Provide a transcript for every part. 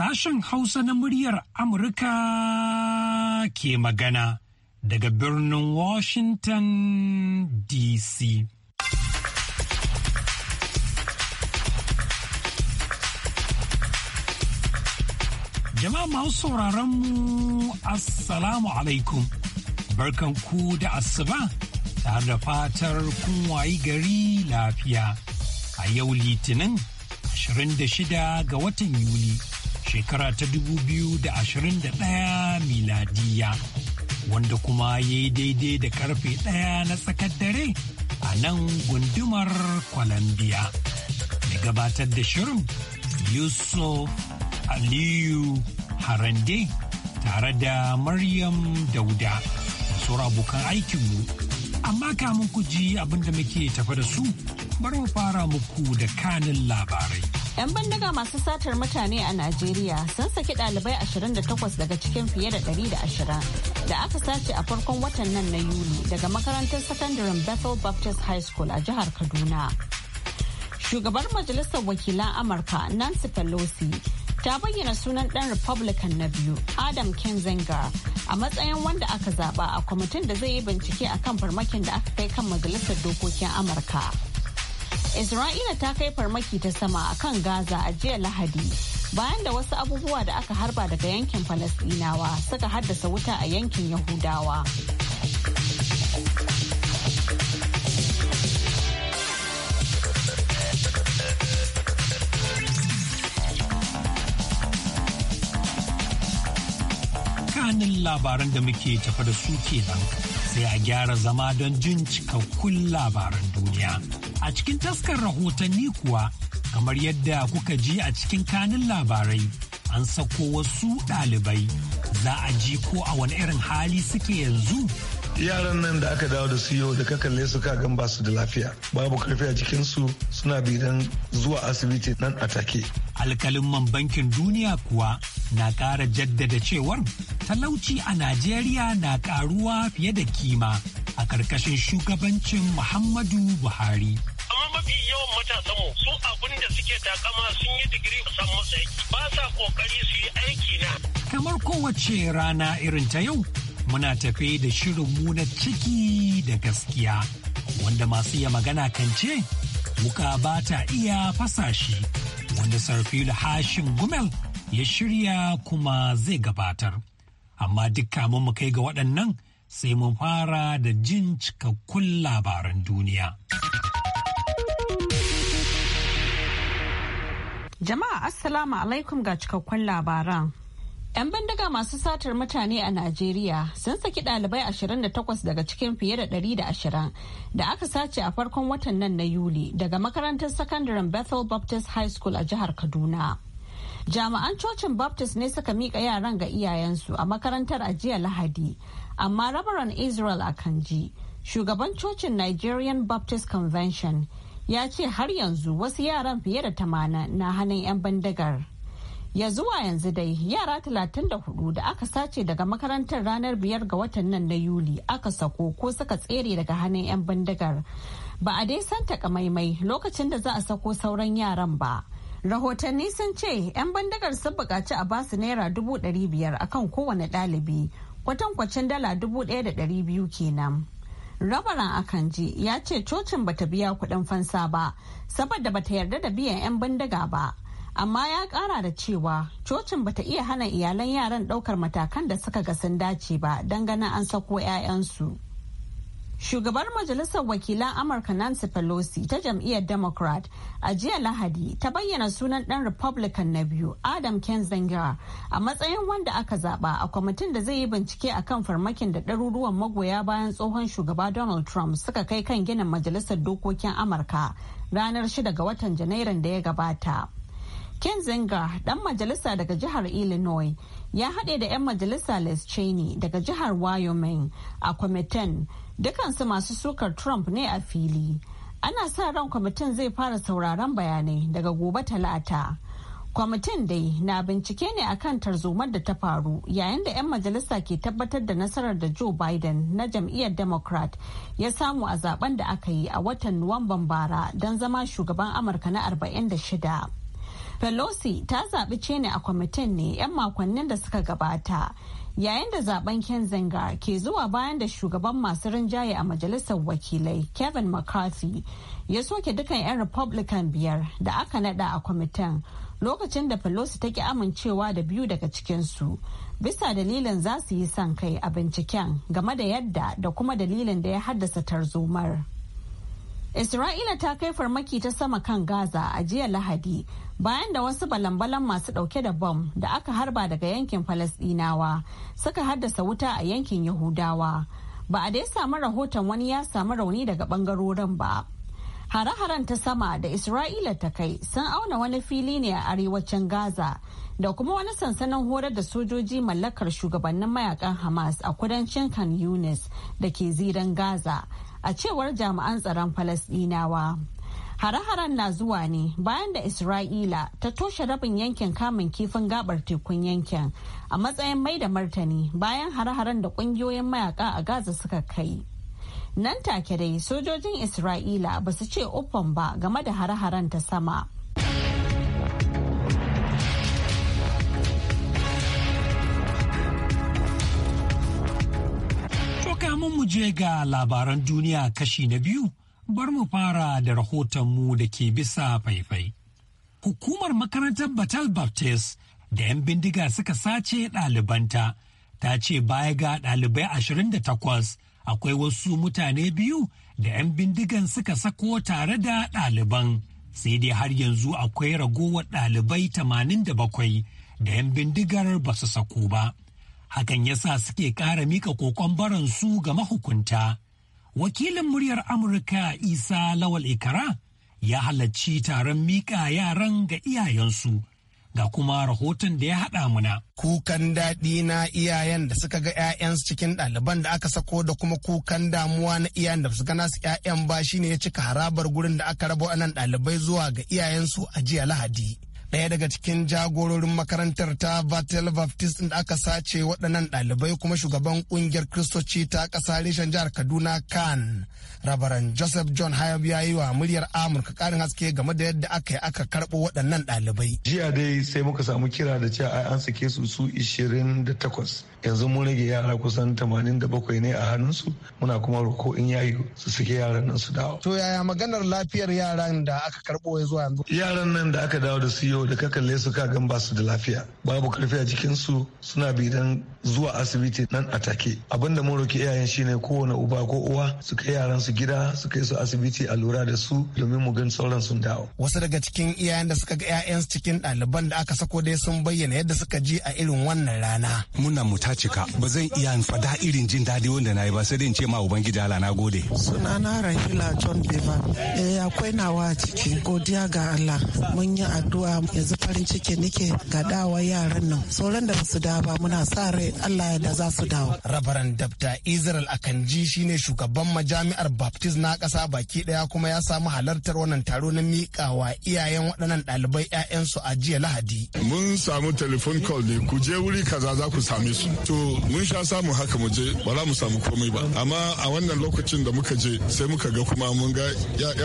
Sashen Hausa na muryar Amurka ke magana daga birnin Washington DC. Jama'a masu sauraron mu Assalamu alaikum. Barkan ku da asuba tare da fatar kun wayi gari lafiya. A yau Litinin 26 ga watan Yuli. shekara ta 2021 miladiya wanda kuma ya yi daidai da karfe ɗaya na tsakar dare a nan gundumar kwalambiya. da gabatar da shirin Yusuf Aliyu Harande tare da Maryam Dauda sauran abokan aikinmu. Amma kamun ku ji abinda muke tafa da su bari mu fara muku da kanin labarai. 'Yan bandaga masu satar mutane a Najeriya sun saki ɗalibai 28 daga cikin fiye da 120 da aka sace a farkon watan nan na Yuli daga makarantar sakandaren Bethel Baptist High School a jihar Kaduna. Shugabar Majalisar Wakilan Amurka Nancy Pelosi ta bayyana sunan ɗan Republican na biyu Adam Kinzinger a matsayin wanda aka zaba a kwamitin da zai yi bincike akan farmakin da aka kai kan Majalisar Dokokin Amurka. Isra'ila ta kai farmaki ta sama a kan Gaza a jiya Lahadi bayan da wasu abubuwa da aka harba daga yankin Falasɗinawa suka haddasa wuta a yankin Yahudawa. Kanin labaran da muke tafa da su kenan sai a gyara zama don jin cikakkun labaran duniya. A cikin taskar rahotanni kuwa, kamar yadda kuka ji a cikin kanin labarai, an sako wasu ɗalibai. Za a ji ko a wani irin hali suke yanzu yaran nan da aka dawo da su yau da ka kalle su ka gan basu da lafiya babu karfi a cikin su suna bidan zuwa asibiti nan a take alkalin man bankin duniya kuwa na kara jaddada cewar talauci a najeriya na ƙaruwa fiye da kima a karkashin shugabancin muhammadu buhari mafi yawan matasanmu su abin suke takama sun yi digiri san ba sa kokari su yi aiki na. Kamar kowace rana irin ta yau muna tafe da shirinmu na ciki da gaskiya wanda masu iya magana kan ce wuƙa ba ta iya fasashi wanda sarfilu hashin gumel ya shirya kuma zai gabatar amma dukka mun mu kai ga waɗannan sai mun fara da jin cikakkun labaran duniya jama'a assalamu alaikum ga cikakkun labaran 'Yan bandaga masu satar mutane a Najeriya sun saki ɗalibai 28 daga cikin fiye da 120 da aka sace a farkon watan nan na Yuli daga makarantar sakandaren Bethel Baptist High School a jihar Kaduna. Jami'an cocin Baptist ne suka miƙa yaran ga iyayensu a makarantar a jiya Lahadi, amma rabaran Israel Kanji, shugaban cocin Nigerian Baptist Convention, ya ce har yanzu wasu yaran fiye da 80 na hannun 'yan bandagar. ya zuwa yanzu dai yara 34 da aka sace daga makarantar ranar biyar ga watan nan na yuli aka sako ko suka tsere daga hannun 'yan bindigar ba a dai san takamaimai lokacin da za a sako sauran yaran ba rahotanni sun ce 'yan bindigar sun buƙaci a basu naira dubu ɗari biyar akan kowane ɗalibi kwatankwacin dala dubu ɗaya da ɗari biyu kenan rabaran akanji ya ce cocin bata biya kuɗin fansa ba saboda bata yarda da biyan 'yan bindiga ba amma ya kara da cewa cocin bata iya hana iyalan yaran daukar matakan da suka ga sun dace ba don ganin an sako 'ya'yansu. Shugabar Majalisar Wakilan Amurka Nancy Pelosi ta jam'iyyar Democrat a jiya Lahadi ta bayyana sunan dan Republican na biyu Adam kenzinger a matsayin wanda aka zaba a kwamitin da zai yi bincike a kan farmakin da ɗaruruwan magoya bayan tsohon shugaba Donald Trump suka kai kan ginin Majalisar Dokokin Amurka ranar 6 ga watan Janairun da ya gabata. Zinga dan majalisa daga jihar Illinois ya haɗe da 'yan majalisa Les Cheney daga jihar Wyoming a kwamitin dukansu masu sukar Trump ne a fili. Ana sa ran kwamitin zai fara sauraron bayanai daga gobe talata. Kwamitin dai na bincike ne a kan tarzomar da ta faru yayin da 'yan majalisa ke tabbatar da nasarar da Joe Biden na jam'iyyar Democrat ya samu a zaben da aka yi a watan Nuwamban bara don zama shugaban Amurka na 46. Pelosi ta zaɓi Cheney a kwamitin ne 'yan makonnin da suka gabata. Yayin da zaben Kenzinga ke zuwa bayan da shugaban masu rinjaye a majalisar wakilai Kevin McCarthy ya soke dukan 'yan Republican biyar da aka nada a kwamitin lokacin da Pelosi ta ki amincewa da biyu daga cikinsu. Bisa dalilin za su yi son kai a binciken game da yadda da kuma dalilin da ya haddasa tarzomar. Isra'ila ta kai farmaki ta sama kan Gaza a jiya Lahadi bayan da wasu balan-balan masu dauke da bom da aka harba daga yankin Falasdinawa suka haddasa wuta a yankin Yahudawa. Ba a dai samu rahoton wani ya samu rauni daga bangarorin ba. Hare-haren ta sama da Isra'ila ta kai sun auna wani fili ne a arewacin Gaza da kuma wani sansanin horar da sojoji mallakar shugabannin mayakan Hamas a kudancin Khan Yunis da ke ziran Gaza. a cewar jami'an tsaron falasdinawa hare-haren na zuwa ne bayan da isra'ila ta toshe rabin yankin kamun kifin gabar tekun yankin a matsayin mai da martani bayan hare-haren da kungiyoyin mayaka a gaza suka kai nan take dai sojojin isra'ila ba su ce uffan ba game da hare-haren ta sama Kamun mu je ga labaran duniya kashi na biyu, bar mu fara da rahotonmu da ke bisa faifai. Hukumar makarantar Batal Baptist da 'yan bindiga suka sace ɗalibanta ta ce baya ga ɗalibai ashirin da takwas akwai wasu mutane biyu da 'yan bindigan suka sako tare da ɗaliban. Sai dai har yanzu akwai ragowar ɗalibai 87 da 'yan bindigar ba su sako ba. hakan yasa suke kara mika kokon su ga mahukunta. Wakilin muryar Amurka Isa Lawal Ikara ya halarci taron mika yaran ga iyayensu. Ga kuma rahoton da ya haɗa muna. Kukan daɗi na iyayen da suka ga 'ya'yansu cikin ɗaliban da aka sako da kuma kukan damuwa na iyayen da suka nasu 'ya'yan ba shine ya cika harabar gurin da aka raba nan ɗalibai zuwa ga iyayensu a jiya Lahadi. ɗaya daga cikin jagororin makarantar ta Vatel Baptist da aka sace waɗannan ɗalibai kuma shugaban ƙungiyar Kristoci ta ƙasa reshen jihar Kaduna Khan. Rabaran Joseph John Hayab ya yi wa muryar Amurka ƙarin haske game da yadda aka yi aka karɓo waɗannan ɗalibai. Jiya dai sai muka samu kira da cewa an sake su su takwas. yanzu mun rage yara kusan 87 ne a hannunsu muna kuma roko in yayi su suke yaran nan su dawo to yaya maganar lafiyar yaran da aka karbo ya zuwa yanzu yaran nan da aka dawo da su yau da ka kalle su ka gan basu da lafiya babu karfi a jikin su suna bidan zuwa asibiti nan a take abinda mun roki iyayen shine kowane uba ko uwa su kai yaran su gida su kai su asibiti a lura da su domin mu gan sauran sun dawo wasu daga cikin iyayen da suka ga 'ya'yansu cikin ɗaliban da aka sako dai sun bayyana yadda suka ji a irin wannan rana muna muta ta cika ba zan iya fada irin jin daɗi wanda na yi ba sai dai in ce ma ubangiji Allah na gode. Sunana Rahila John Bevan. Eh akwai nawa a ciki godiya ga Allah mun yi addu'a yanzu farin ciki nake ga dawa yaran nan sauran da basu dawo ba muna sa rai Allah ya da za su dawo. Rabaran Dabta Israel Akanji shine shugaban majami'ar Baptist na ƙasa baki ɗaya kuma ya samu halartar wannan taro na wa iyayen waɗannan ɗalibai 'ya'yansu a jiya Lahadi. Mun samu telefon call ne ku je wuri kaza za ku same su. to mun sha samu haka mu je ba za mu samu komai ba amma a wannan lokacin da muka je sai muka ga kuma mun ga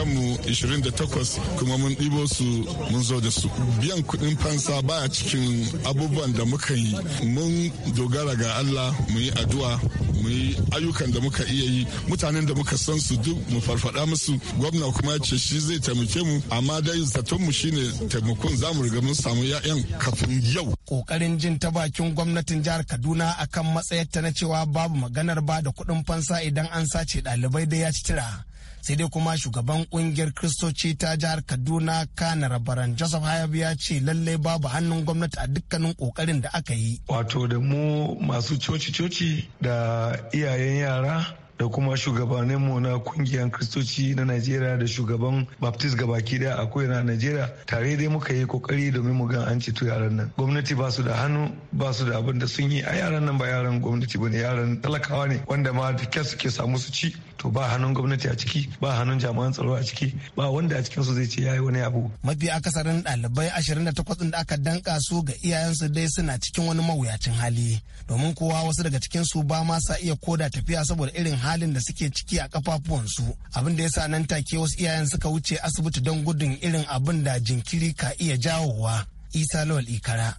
mu 28 kuma mun ɗibo su mun zo da su biyan kuɗin fansa baya cikin abubuwan da muka yi mun dogara ga Allah mu yi addu'a mu yi ayyukan da muka iya yi mutanen da muka san su duk mu farfada musu gwamna kuma ya ce shi zai taimake mu amma dai zaton mu shine taimakon zamu riga mun samu 'ya'yan kafin yau kokarin jin ta bakin gwamnatin jihar Kaduna magana kan matsayarta na cewa babu maganar ba da kuɗin fansa idan an sace ɗalibai da ya ci tira sai dai kuma shugaban kungiyar kristoci ta jihar kaduna kana rabaran joseph hayab ya ce lallai babu hannun gwamnati a dukkanin kokarin da aka yi wato da mu masu coci-coci da iyayen yara da kuma shugabaninmu na kungiyar kristoci na najeriya da shugaban baptist gabaki daya a koyana najeriya tare dai muka yi kokari domin mu ga an ceto yaran nan gwamnati ba su da hannu ba su da abin da sun yi a yaran nan ba yaran gwamnati ba ne yaran talakawa ne wanda ma da kyar suke samu su ci to ba hannun gwamnati a ciki ba hannun jami'an tsaro a ciki ba wanda a cikinsu zai ce yayi wani abu mafi akasarin ɗalibai 28 din da aka danka su ga iyayensu dai suna cikin wani mawuyacin hali domin kowa wasu daga cikin su ba ma sa iya koda tafiya saboda irin halin da suke ciki a kafafuwansu abin da yasa nan take wasu iyayen suka wuce asibiti don gudun irin abin da jinkiri ka iya jawowa isa lawal ikara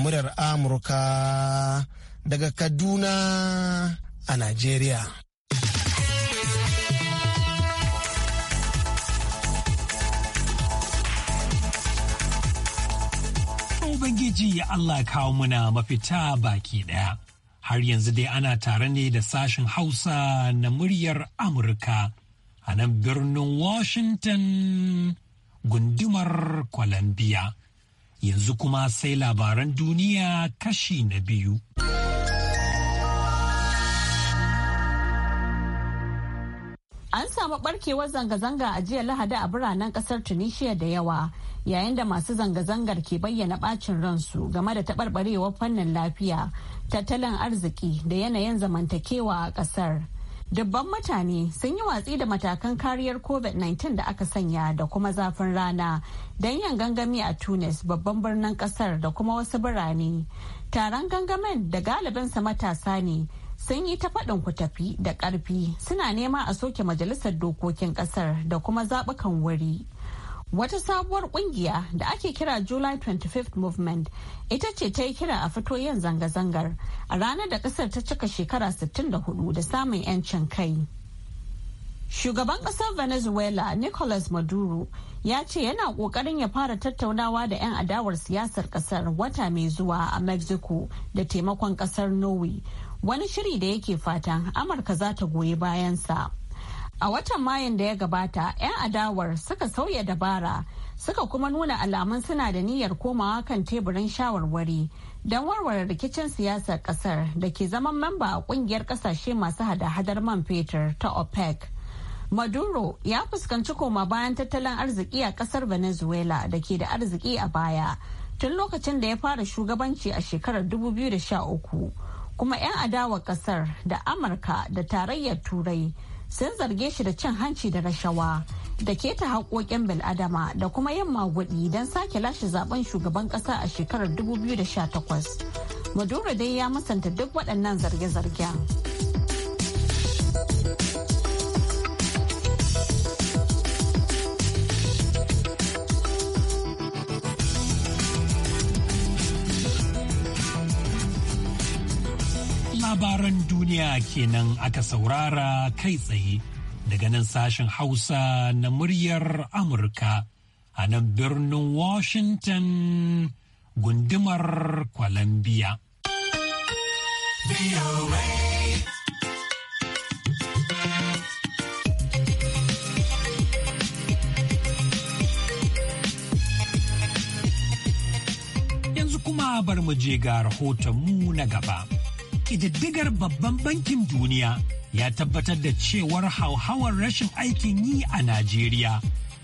murar amurka daga kaduna a najeriya Ubangiji ya Allah kawo muna mafita baki ɗaya. har yanzu dai ana tare ne da sashen hausa na muryar amurka a nan birnin washington gundumar columbia yanzu kuma sai labaran duniya kashi na biyu an samu barkewar zanga-zanga a jiya lahadi a biranen kasar tunisia da yawa yayin da masu zanga-zangar ke bayyana bacin ransu game da taɓarɓarewar fannin lafiya tattalin arziki da yanayin zamantakewa a ƙasar dubban mutane sun yi watsi da matakan kariyar covid-19 da aka sanya da kuma zafin rana don yin gangami a tunis babban birnin kasar da kuma wasu birane taron gangamin da galibinsa matasa ne sun yi ta faɗin ku tafi da ƙarfi suna nema a soke majalisar dokokin ƙasar da kuma zaɓukan wuri Wata sabuwar kungiya da ake kira July 25th Movement ita ce ta yi kira a fito yin zanga-zangar a ranar da kasar ta cika shekara 64 da samun 'yancin kai. Shugaban kasar Venezuela Nicolas Maduro ya ce yana kokarin ya fara tattaunawa da 'yan adawar siyasar kasar wata mai zuwa a Mexico da taimakon kasar Norway wani shiri da yake fatan Amurka za ta goyi bayansa. A watan Mayun da ya gabata, 'yan adawar suka sauya dabara suka kuma nuna alamun suna da niyyar komawa kan teburin shawarwari don warware rikicin siyasar kasar da ke zaman mamba a kungiyar kasashe masu hada-hadar man fetur ta OPEC. Maduro ya fuskanci koma bayan tattalin arziki a kasar Venezuela da ke da arziki a baya tun lokacin da ya fara shugabanci a shekarar 2013 kuma 'yan adawar kasar da Amurka da tarayyar Turai. sun zarge shi da cin hanci da rashawa da keta haƙoƙin bil'adama da kuma yin magudi don sake lashe zaben shugaban ƙasa a shekarar 2018 maduro dai ya musanta duk waɗannan zarge-zargen. duniya kenan aka saurara kai tsaye daga nan sashen Hausa na muryar Amurka a nan birnin Washington gundumar Columbia. Yanzu kuma bar mu je ga rahotonmu na gaba. ƙididdigar babban bankin duniya ya tabbatar da cewar hauhawar rashin aikin yi a Najeriya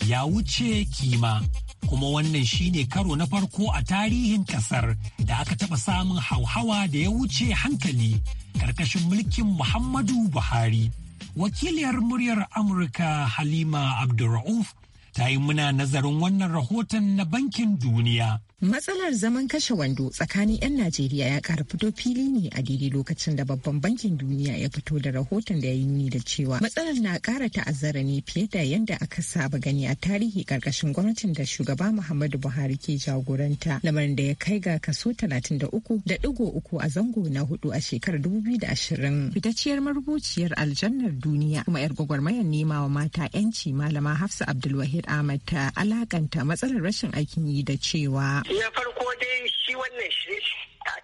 ya wuce kima. Kuma wannan shi ne karo na farko a tarihin kasar da aka taɓa samun hauhawa da ya wuce hankali ƙarƙashin mulkin Muhammadu Buhari. Wakiliyar muryar Amurka Halima Abdulra'uf ta yi muna nazarin wannan rahoton na Bankin Duniya. Matsalar zaman kashe wando tsakanin 'yan Najeriya ya ƙara fito fili ne a daidai lokacin da babban bankin duniya ya fito da rahoton da ya yi nuni da cewa matsalar na ƙara ta'azzara ne fiye da yadda aka saba gani a tarihi ƙarƙashin gwamnatin da shugaba Muhammadu Buhari ke jagoranta lamarin da ya kai ga kaso da uku a zango na hudu a shekarar 2020. Fitacciyar marubuciyar aljannar duniya kuma 'yar gwagwarmayar nema wa mata 'yanci malama Hafsa Abdulwahid Ahmad ta alaƙanta matsalar rashin aikin yi da cewa na farko dai shi wannan shi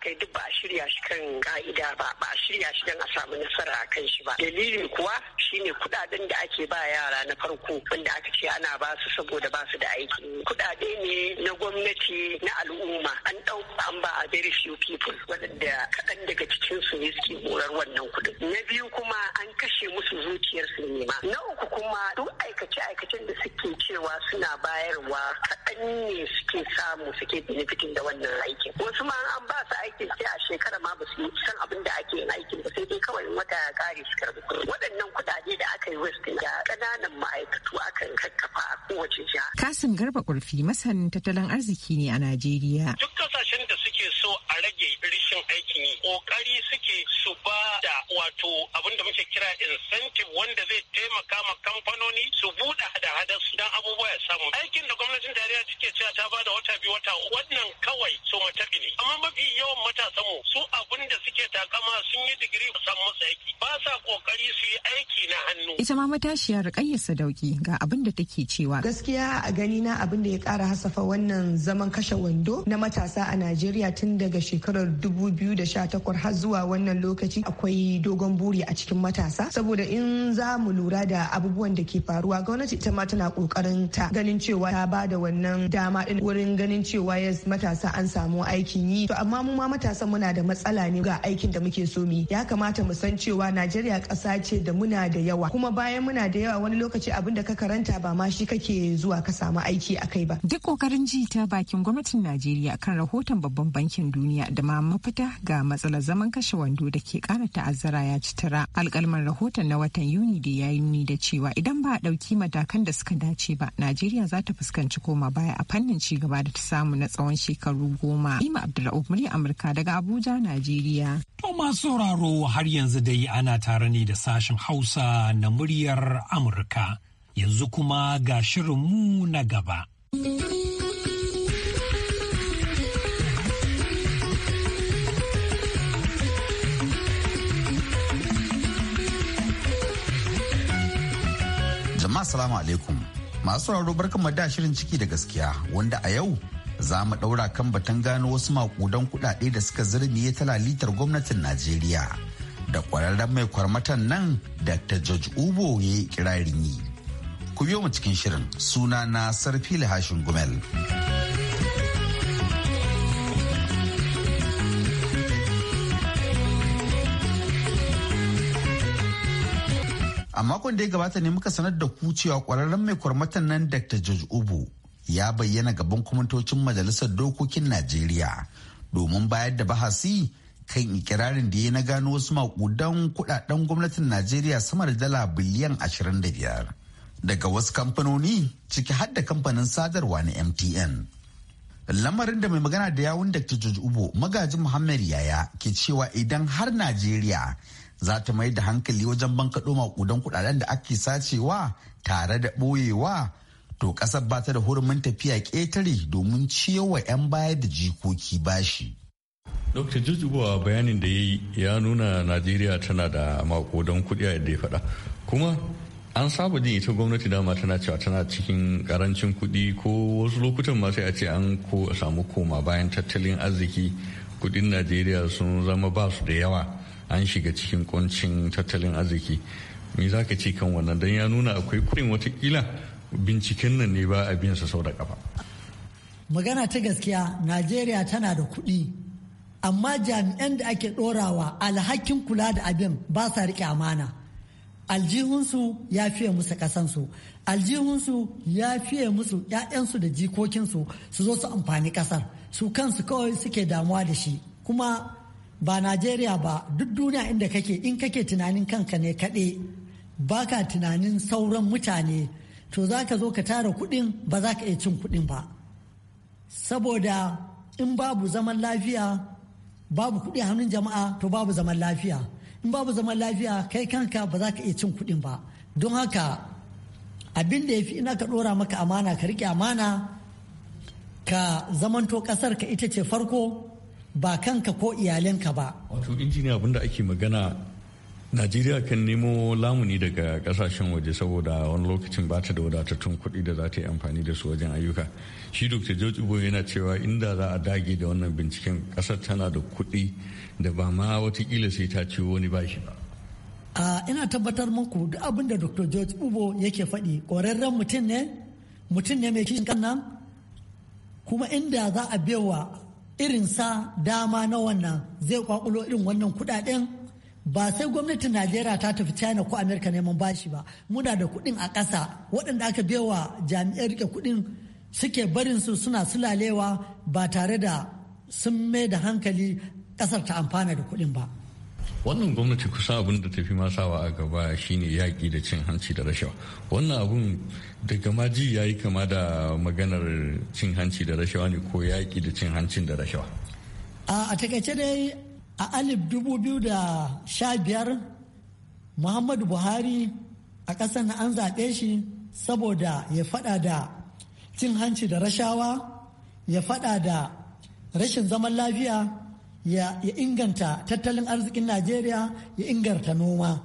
kai duk ba a shirya shi kan ka'ida ba ba a shirya shi don a samu nasara a kan shi ba dalilin kuwa shine kudaden da ake ba yara na farko wanda aka ce ana ba su saboda ba su da aiki kudade ne na gwamnati na al'umma an dau an ba a very few people waɗanda kaɗan daga cikin su ne suke horar wannan kuɗin na biyu kuma an kashe musu zuciyar su ne ma na uku kuma duk aikace aikacen da suke cewa suna bayarwa kaɗan ne suke samu suke benefitin da wannan aikin wasu ma an ba su aiki aikin sai a shekara ma ba su yi san abin da ake yin aikin ba sai dai kawai wata ya kare su karbi waɗannan kuɗaɗe da aka yi wasu da ƙananan ma'aikatu akan kakkafa a kowace jiha. Kasim Garba Kurfi masanin tattalin arziki ne a Najeriya. Duk kasashen da suke so a rage rishin aikin yi ƙoƙari suke su ba da wato abin da muke kira incentive wanda zai taimaka ma kamfanoni su buɗe hada-hadar su dan abubuwa ya samu. Aikin da gwamnatin tarayya take cewa ta ba da wata biyu wata wannan kawai so matabi ne. Amma mafi yawan matasanmu su abin da suke takama sun yi digiri san musu aiki ba sa kokari su yi aiki na hannu. Ita ma matashiyar ƙayyar sadauki ga abin da take cewa. Gaskiya a gani na abin da ya kara hasafa wannan zaman kashe wando na matasa a Najeriya tun daga shekarar 2018 har zuwa wannan lokaci akwai dogon buri a cikin matasa saboda in za mu lura da abubuwan da ke faruwa gwamnati ita ma tana kokarin ta ganin cewa ta ba da wannan dama din wurin ganin cewa yes matasa an samu aikin yi to amma mu ma matasan muna da matsala ne ga aikin da muke so mu ya kamata mu san cewa Najeriya ƙasa ce da muna da yawa kuma bayan muna da yawa wani lokaci abin da ka karanta ba ma shi kake zuwa ka samu aiki a kai ba. Duk kokarin ji ta bakin gwamnatin Najeriya kan rahoton babban bankin duniya da ma mafita ga matsalar zaman kashe wando da ke kara ta'azzara ya ci tara. Alkalman rahoton na watan Yuni da ya yi da cewa idan ba a ɗauki matakan da suka dace ba Najeriya za ta fuskanci koma baya a fannin cigaba da ta samu na tsawon shekaru goma. Ima Abdulrahman murya Amurka Amurka daga Abuja, Najeriya. To masu sauraro har yanzu dai ana tare ne da sashen Hausa na muryar Amurka. Yanzu kuma ga shirinmu na gaba. Jama'a salamu alaikum. Masu sauraro barkan da shirin ciki da gaskiya wanda a yau za mu ɗaura kan batun gano wasu makudan kuɗaɗe da suka zirmiye ta lalitar gwamnatin najeriya da ƙwararren mai kwarmatan nan dr george ubo ya yi kirarin yi ku biyo mu cikin shirin suna na sarfi Lahashin gumel a makon da ya gabata ne muka sanar da ku cewa kwararren mai kwarmatan nan dr george ubo ya bayyana gaban kwamitocin majalisar dokokin najeriya domin bayar da bahasi kan ikirarin da ya na gano wasu makudan kudaden gwamnatin najeriya sama da dala biliyan 25 daga wasu kamfanoni ciki har da kamfanin sadarwa na mtn lamarin da mai magana da yawun dr george ubo magajin muhammad yaya ke cewa idan har najeriya za ta mai da hankali wajen bankaɗo makudan kudaden da ake sacewa tare da ɓoyewa to ƙasar bata da hurumin tafiya ƙetare domin ciyowa 'yan baya da jikoki bashi. Dr. Jujjubawa bayanin da ya ya nuna Najeriya tana da mako makodan kuɗi a yadda ya faɗa. Kuma an saba jin ita gwamnati dama tana cewa tana cikin karancin kuɗi ko wasu lokutan ma sai a ce an ko samu koma bayan tattalin arziki kuɗin Najeriya sun zama ba su da yawa an shiga cikin kuncin tattalin arziki. Me za ka ce kan wannan don ya nuna akwai kuɗin watakila binciken nan ne ba a biyan sau da kafa magana ta gaskiya najeriya tana da kuɗi amma jami'an da ake ɗorawa alhakin kula da abin ba sa riƙe amana aljihunsu ya fiye musu ƙasansu aljihunsu ya fiye musu 'ya'yansu da jikokinsu su zo su amfani ƙasar su kansu kawai suke damuwa da shi kuma ba najeriya ba duk duniya inda kake in kake tunanin kanka ne kaɗe Ba ka tunanin sauran mutane to za ka zo ka tara kuɗin ba za ka iya cin kuɗin ba saboda in babu zaman lafiya babu kuɗi hannun jama'a to babu zaman lafiya in babu zaman lafiya kai kanka ba za ka iya cin kuɗin ba don haka abin da ya fi ina ka ɗora maka amana ka riƙe amana ka zamanto ƙasar ka ita ce farko ba kanka ko iyalinka ba wato injiniya abinda ake magana najeriya kan nemo lamuni daga kasashen waje saboda wani lokacin ba ta da wadatattun kuɗi da za ta yi amfani da su wajen ayyuka shi dr george ubo yana cewa inda za a dage da wannan binciken ƙasar tana da kuɗi da ba ma watakila sai ta ciwo wani bashi ba ina tabbatar muku duk abin da dr george ubo yake faɗi ƙwararren mutum ne mutum ne mai kishin kan kuma inda za a irin sa dama na wannan zai kwakulo irin wannan kuɗaɗen ba sai gwamnatin najeriya ta tafi china ko amerika neman bashi ba muna da kuɗin a ƙasa waɗanda aka wa jami'an rike kuɗin suke barin su suna sulalewa ba tare da sun mai da hankali ƙasar ta amfana da kuɗin ba wannan gwamnati kusa abin da tafi masawa a gaba shine yaƙi da cin hanci da rashawa wannan abun daga maji ya yi kama da maganar cin hanci da rashawa ne ko yaƙi da cin hancin da rashawa a takaice dai a alif dubu biyu da sha biyar muhammadu buhari a ƙasar na an zaɓe shi saboda ya faɗa da cin hanci da rashawa ya faɗa da rashin zaman lafiya ya inganta tattalin arzikin najeriya ya inganta noma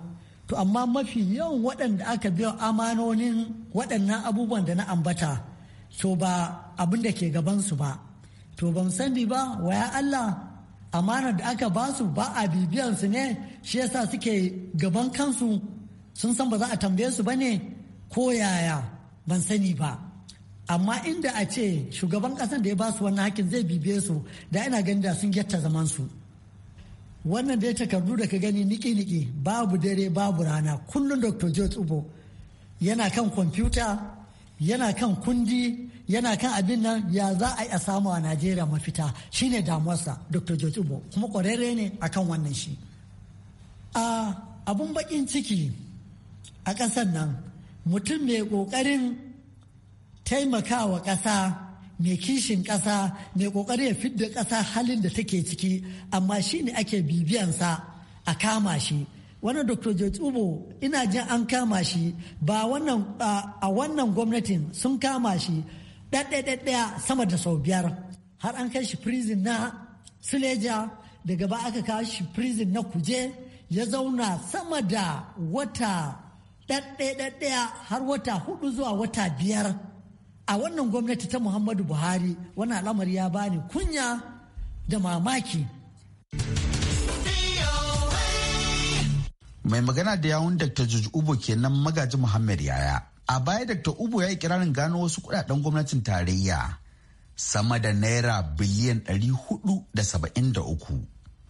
to amma mafi yawan waɗanda aka biya amanonin waɗannan abubuwan da na ambata to ba abin da ke gabansu ba to ban sani ba waya allah amanar da aka ba su ba a bibiyan su ne shi yasa suke gaban kansu sun san ba za a tambaye su ba ne ko yaya ban sani ba amma inda a ce shugaban kasan da ya ba su wannan hakin zai bibiye su da ina gani da sun gyatta zaman su wannan da ya takardu da ka gani niki-niki babu dare babu rana kullum dr george ubo yana kan kwamfuta yana kan kundi yana kan abin nan ya za a yi a samu a najeriya mafita shine damuwarsa dr jotubo kuma kwararre ne akan wannan shi a abun bakin ciki a ƙasar nan mutum mai ƙoƙarin wa ƙasa mai kishin ƙasa mai ƙoƙari ya fidda ƙasa halin da take ciki amma shine ake bibiyansa a kama shi wannan dr george ubo ina jin an kama shi ba wannan a wannan gwamnatin sun kama shi ɗaɗɗaɗɗaya sama da sau biyar har an kai shi prison na sileja daga ba aka kawo shi prison na kuje ya zauna sama da wata ɗaɗɗaɗɗaya har wata hudu zuwa wata biyar a wannan gwamnati ta muhammadu buhari wani al'amari ya bani kunya da mamaki mai magana da yawun dr George ubo kenan magaji muhammad yaya a baya dr ubo ya yi kirarin gano wasu kudaden gwamnatin tarayya sama da naira biliyan 473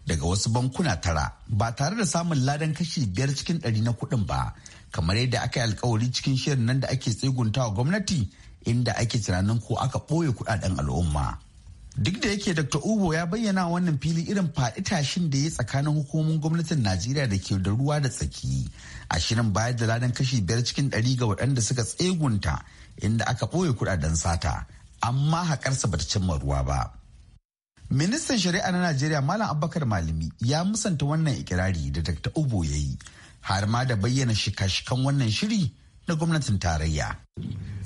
daga wasu bankuna tara ba tare da samun ladan kashi biyar cikin ɗari na kuɗin ba kamar yadda aka yi alkawari cikin shirin nan da ake tsegunta wa gwamnati inda ake tunanin ko aka ɓoye kuɗaɗen al'umma Duk da yake Dr. Ubo ya bayyana wannan fili irin faɗi tashin da ya tsakanin hukumomin gwamnatin Najeriya da ke da ruwa da tsaki a shirin bayar da ladan kashi biyar cikin ɗari ga waɗanda suka tsegunta inda aka ɓoye kuɗaɗen sata amma haƙarsa bata cimma ruwa ba. Ministan Shari'a na Najeriya Malam Abubakar Malami ya musanta wannan ikirari da Dr. Ubo ya yi har ma da bayyana shika-shikan wannan shiri na gwamnatin tarayya.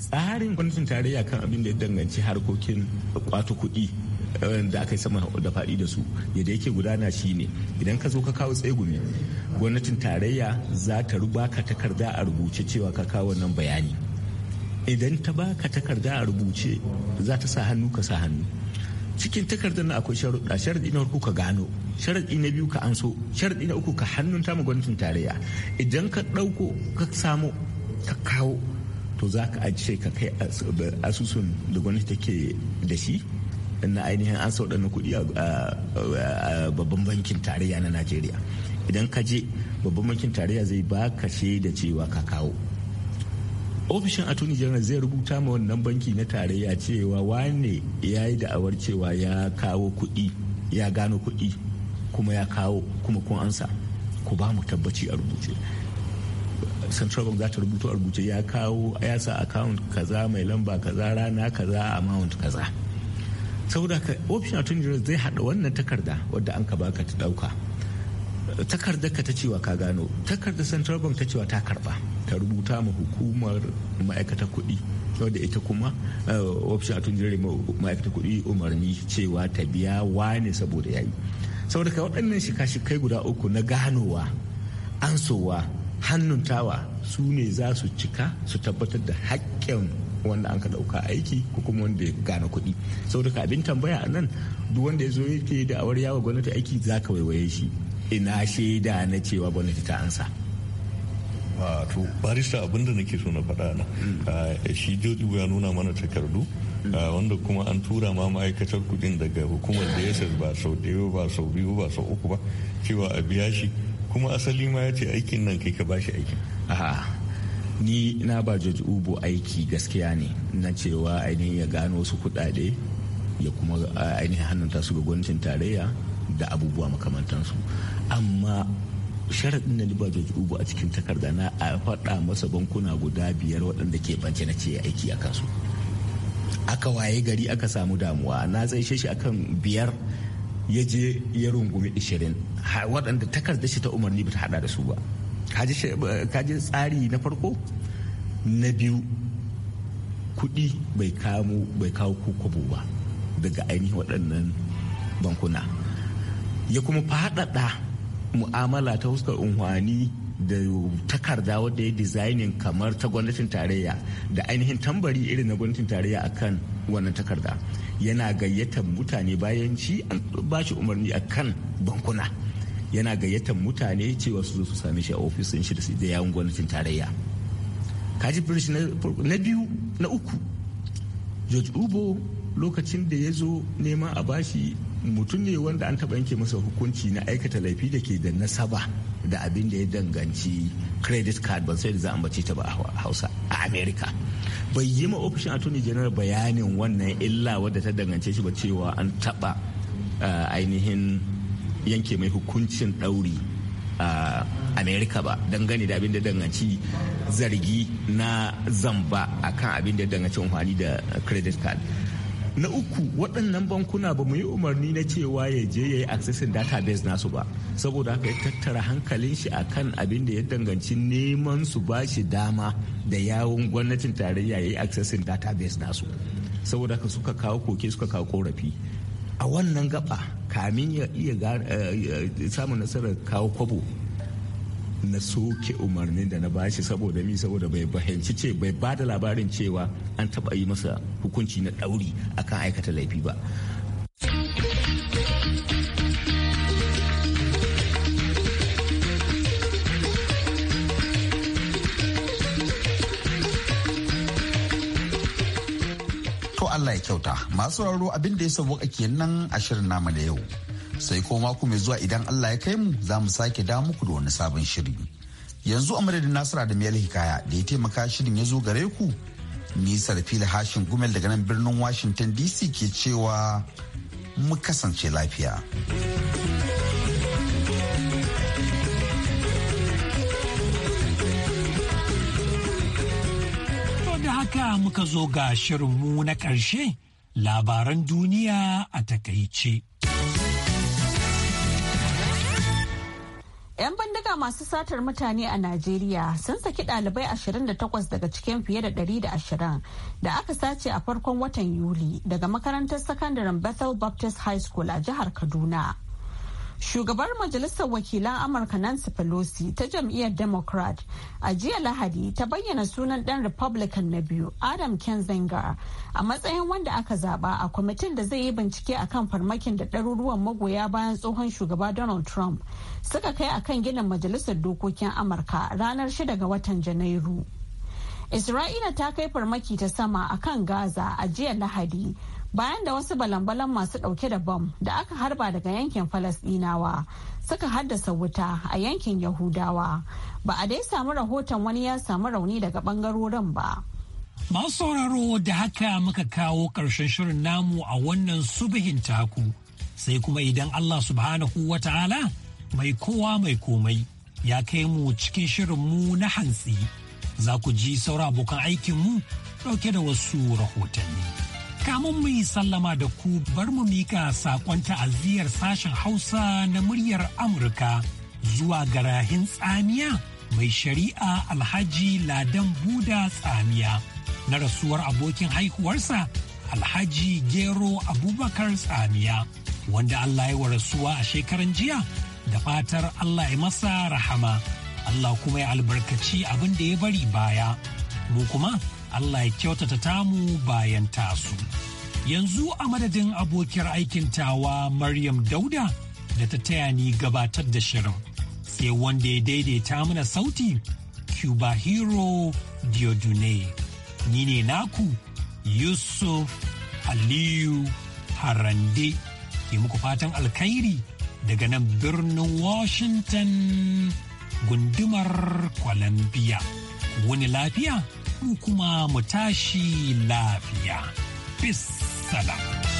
Tsarin gwamnatin tarayya kan abin da ya danganci harkokin kwato kuɗi eh, da aka yi sama da faɗi da su yadda yake gudana shi ne idan ka zo ka kawo tsegumi gwamnatin tarayya za ta rubaka takarda a rubuce cewa ka kawo wannan bayani idan ta baka takarda a rubuce za ta sa hannu ka sa hannu cikin takardar na akwai sharuɗa sharaɗi na farko ka gano sharaɗi na biyu ka anso sharaɗi na uku ka hannun tamu gwamnatin tarayya idan ka ɗauko ka samo ka kawo to za ka ajiye ka kai asusun da gwamnati take da shi na ainihin an sau na kuɗi a babban bankin tarayya na najeriya idan ka je babban bankin tarayya zai ba ka da cewa ka kawo ofishin attorney general zai rubuta ma wannan banki na tarayya cewa wane ya yi da'awar cewa ya kawo kuɗi ya gano kuɗi kuma ya kawo kuma kun ansa ku ba mu tabbaci a rubuce central bank za ta rubuta rubuce ya kawo ya sa account kaza mai lamba kaza rana kaza amount kaza saboda ka option attorney general zai hada wannan takarda wadda an ka baka ta dauka takardar ka ta cewa ka gano takardar central bank ta cewa ta karba ta rubuta ma hukumar ma'aikatar kuɗi wadda ita kuma eh, option attorney general ma'aikatar kuɗi umarni cewa ta biya wane saboda yayi saboda ka waɗannan shika-shikai guda uku na ganowa an sowa hannun tawa su ne za su cika su tabbatar da haƙƙin wanda an ka ɗauka aiki ko kuma wanda ya gane kuɗi saboda abin tambaya a nan duk wanda ya zo yake da awar yawa gwamnati aiki za ka waiwaye shi ina shaida na cewa gwamnati ta ansa wato barista da nake so na faɗa na hmm. eh, shi jodi ya nuna mana takardu hmm. eh, wanda kuma an tura ma ma'aikatar kudin daga hukumar da ba sau ɗaya ba sau biyu ba sau uku ba cewa a biya shi kuma asali ma ya ce aikin nan kai ka bashi aikin ni na ba George Ubo aiki gaskiya ne na cewa ainihin ya gano wasu kudade ya kuma ainihin hannunta su ga gwamnatin tarayya da abubuwa makamantansu amma sharaɗin na liba George Ubo a cikin takarda na a faɗa masa bankuna guda biyar waɗanda ke bance na ce aiki a kansu aka waye gari aka samu damuwa na tsaye shi akan biyar ya je ya rungumi 20 waɗanda takardar shi ta umarni ba ta hada da su ba kaji tsari na farko na biyu kuɗi bai kamo bai kawo kokobo ba daga ainihin waɗannan bankuna ya kuma faɗaɗa mu'amala ta huskar unhwani da takarda wadda ya dizainin kamar ta gwamnatin tarayya da ainihin tambari irin na gwamnatin tarayya kan wannan takarda yana gayyatar mutane bayan ci an ba shi umarni a kan bankuna yana gayyatar mutane cewa su zo su same shi a ofisin shi da yawon gwamnatin tarayya kaji british na biyu na uku george ubo lokacin da ya zo neman a bashi mutum ne wanda an taba yanke masa hukunci na aikata laifi da ke da nasaba da abin da ya danganci credit card ban sai da za a mace ta ba a hausa a america bai yi ma ofishin attorney general bayanin wannan illa wadda ta dangance shi ba cewa an taɓa eh, ainihin yanke mai hukuncin ɗauri a america ba dangane da abin da danganci zargi na zamba akan abin da danganci amfani da credit card na uku waɗannan bankuna ba mu yi umarni na cewa ya je ya yi accessing database nasu ba saboda haka ya tattara hankalin shi akan abin da ya danganci neman su ba shi dama da yawon gwamnatin tarayya ya yi accessing database nasu saboda haka suka kawo koke suka kawo korafi a wannan gaba kamin ya iya eh, samun nasarar kawo kwabo na soke umarnin da na bashi saboda mi saboda bai fahimci ce bai ba da labarin cewa an taba yi masa hukunci na dauri akan aikata laifi ba To Allah ya kyauta masu sauraro abin da ya sauwaka kenan a shirin namu da yau sai ko mako mai zuwa idan Allah ya kai mu za mu sake da muku da wani sabon shiri. Yanzu a madadin Adamu da Miyal Hikaya da ya taimaka shirin ya zo gare ku. Nisar fili Hashin Gumel daga nan birnin Washington DC ke cewa mu kasance lafiya. da haka muka zo ga shirinmu na ƙarshe labaran duniya a takaice. 'Yan bandaga masu satar mutane a Najeriya sun saki ɗalibai 28 daga cikin fiye da 120 da aka sace a farkon watan Yuli daga makarantar sakandaren Bethel Baptist High School a jihar Kaduna. Shugabar Majalisar Wakilan Amurka Nancy Pelosi ta jam'iyyar Democrat a jiya Lahadi ta bayyana sunan ɗan Republican na biyu Adam Kenzinger a matsayin wanda aka zaba a kwamitin da zai yi bincike a kan farmakin da ɗaruruwan magoya bayan tsohon shugaba Donald Trump suka kai a kan ginin Majalisar Dokokin Amurka ranar 6 ga watan Janairu. Isra'ila ta kai farmaki ta sama a kan Gaza a jiya Lahadi. bayan da wasu balambalan masu dauke da bom da aka harba daga yankin falasɗinawa suka haddasa wuta a yankin yahudawa ba a dai samu rahoton wani ya samu rauni daga bangarorin ba. Masu sauraro da haka muka kawo karshen shirin namu a wannan subihin taku sai kuma idan Allah subhanahu wa ta'ala mai kowa mai komai ya kai mu cikin shirin mu na hantsi za ku ji saura abokan mu dauke da wasu rahotanni. Kamun mu yi sallama da ku bar mu mika sakon ta'aziyar sashen Hausa na muryar Amurka zuwa garahin tsamiya mai shari'a Alhaji Ladan Buda tsamiya na rasuwar abokin haihuwarsa Alhaji Gero Abubakar tsamiya wanda Allah ya wa rasuwa a shekaran jiya da fatar Allah ya masa rahama. Allah kuma ya albarkaci abin da ya bari baya. Mu kuma Allah ya kyautata tamu bayan tasu. Yanzu a madadin abokiyar aikin tawa Maryam Dauda da ta taya ni gabatar da shirin. Sai wanda ya daidaita mana sauti, Cuba Hero Diodune. Ni ne naku Yusuf Aliyu Harande. Ke muku fatan alkhairi daga nan birnin Washington gundumar Columbia. Wani lafiya? mu kuma mu tashi lafiya. Peace, salam.